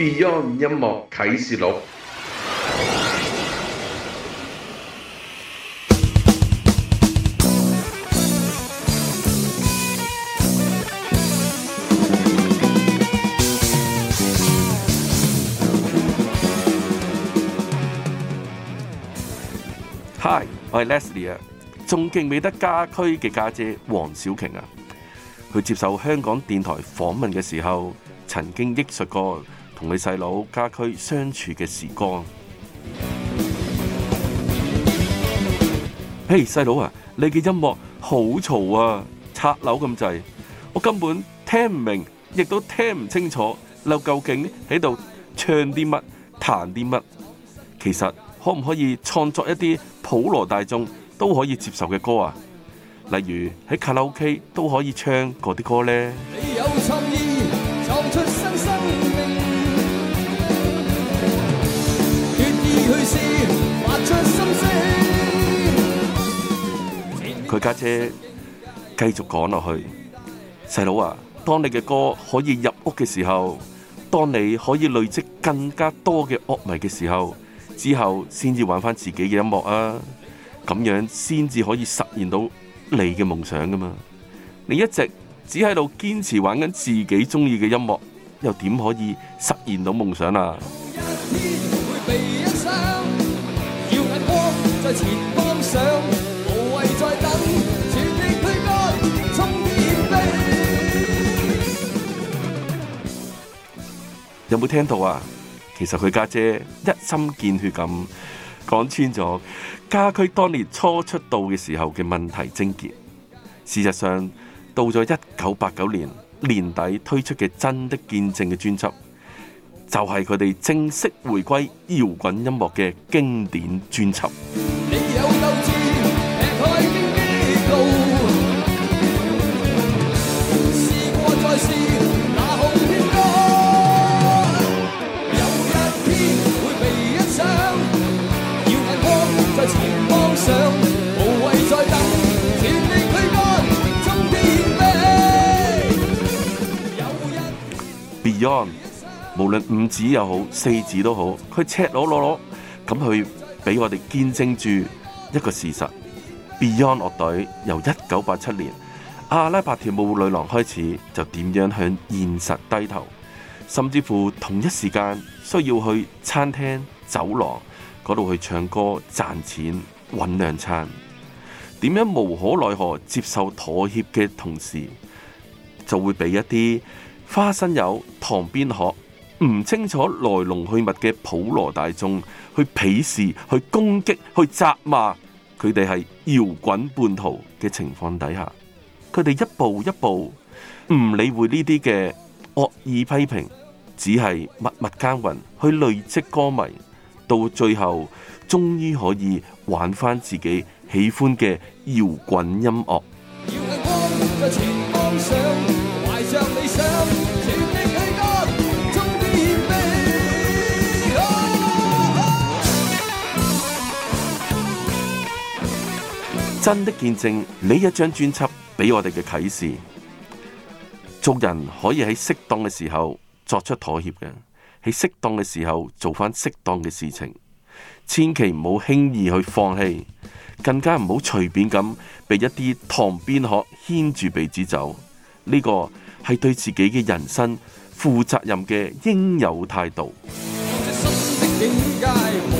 Beyond, Beyond 音樂啟事錄。Hi，我係 Leslie 啊，仲勁未得家區嘅家姐黃小瓊啊，佢接受香港電台訪問嘅時候，曾經憶述過。同你細佬家居相處嘅時光，嘿，細佬啊，你嘅音樂好嘈啊，拆樓咁滯，我根本聽唔明，亦都聽唔清楚，你究竟喺度唱啲乜、彈啲乜？其實可唔可以創作一啲普羅大衆都可以接受嘅歌啊？例如喺卡拉 OK 都可以唱嗰啲歌呢。你有架車繼續趕落去，細佬啊！當你嘅歌可以入屋嘅時候，當你可以累積更加多嘅樂迷嘅時候，之後先至玩返自己嘅音樂啊！咁樣先至可以實現到你嘅夢想㗎嘛？你一直只喺度堅持玩緊自己中意嘅音樂，又點可以實現到夢想啊？有冇聽到啊？其實佢家姐，姐一針見血咁講穿咗，家駒當年初出道嘅時候嘅問題症結，事實上到咗一九八九年年底推出嘅真的見證嘅專輯，就係佢哋正式回歸搖滾音樂嘅經典專輯。無論五指又好四指都好，佢赤裸裸咁去俾我哋見證住一個事實。Beyond 樂隊由一九八七年《阿拉伯跳舞女郎》開始，就點樣向現實低頭，甚至乎同一時間需要去餐廳走廊嗰度去唱歌賺錢揾兩餐，點樣無可奈何接受妥協嘅同時，就會俾一啲。花生友塘邊鶴，唔清楚來龍去脈嘅普羅大眾去鄙視、去攻擊、去責罵佢哋係搖滾叛徒嘅情況底下，佢哋一步一步唔理會呢啲嘅惡意批評，只係默默耕耘去累積歌迷，到最後終於可以玩返自己喜歡嘅搖滾音樂。真的見證呢一張專輯俾我哋嘅啟示，做人可以喺適當嘅時候作出妥協嘅，喺適當嘅時候做翻適當嘅事情，千祈唔好輕易去放棄，更加唔好隨便咁被一啲塘邊鶴牽住鼻子走，呢、這個係對自己嘅人生負責任嘅應有態度。嗯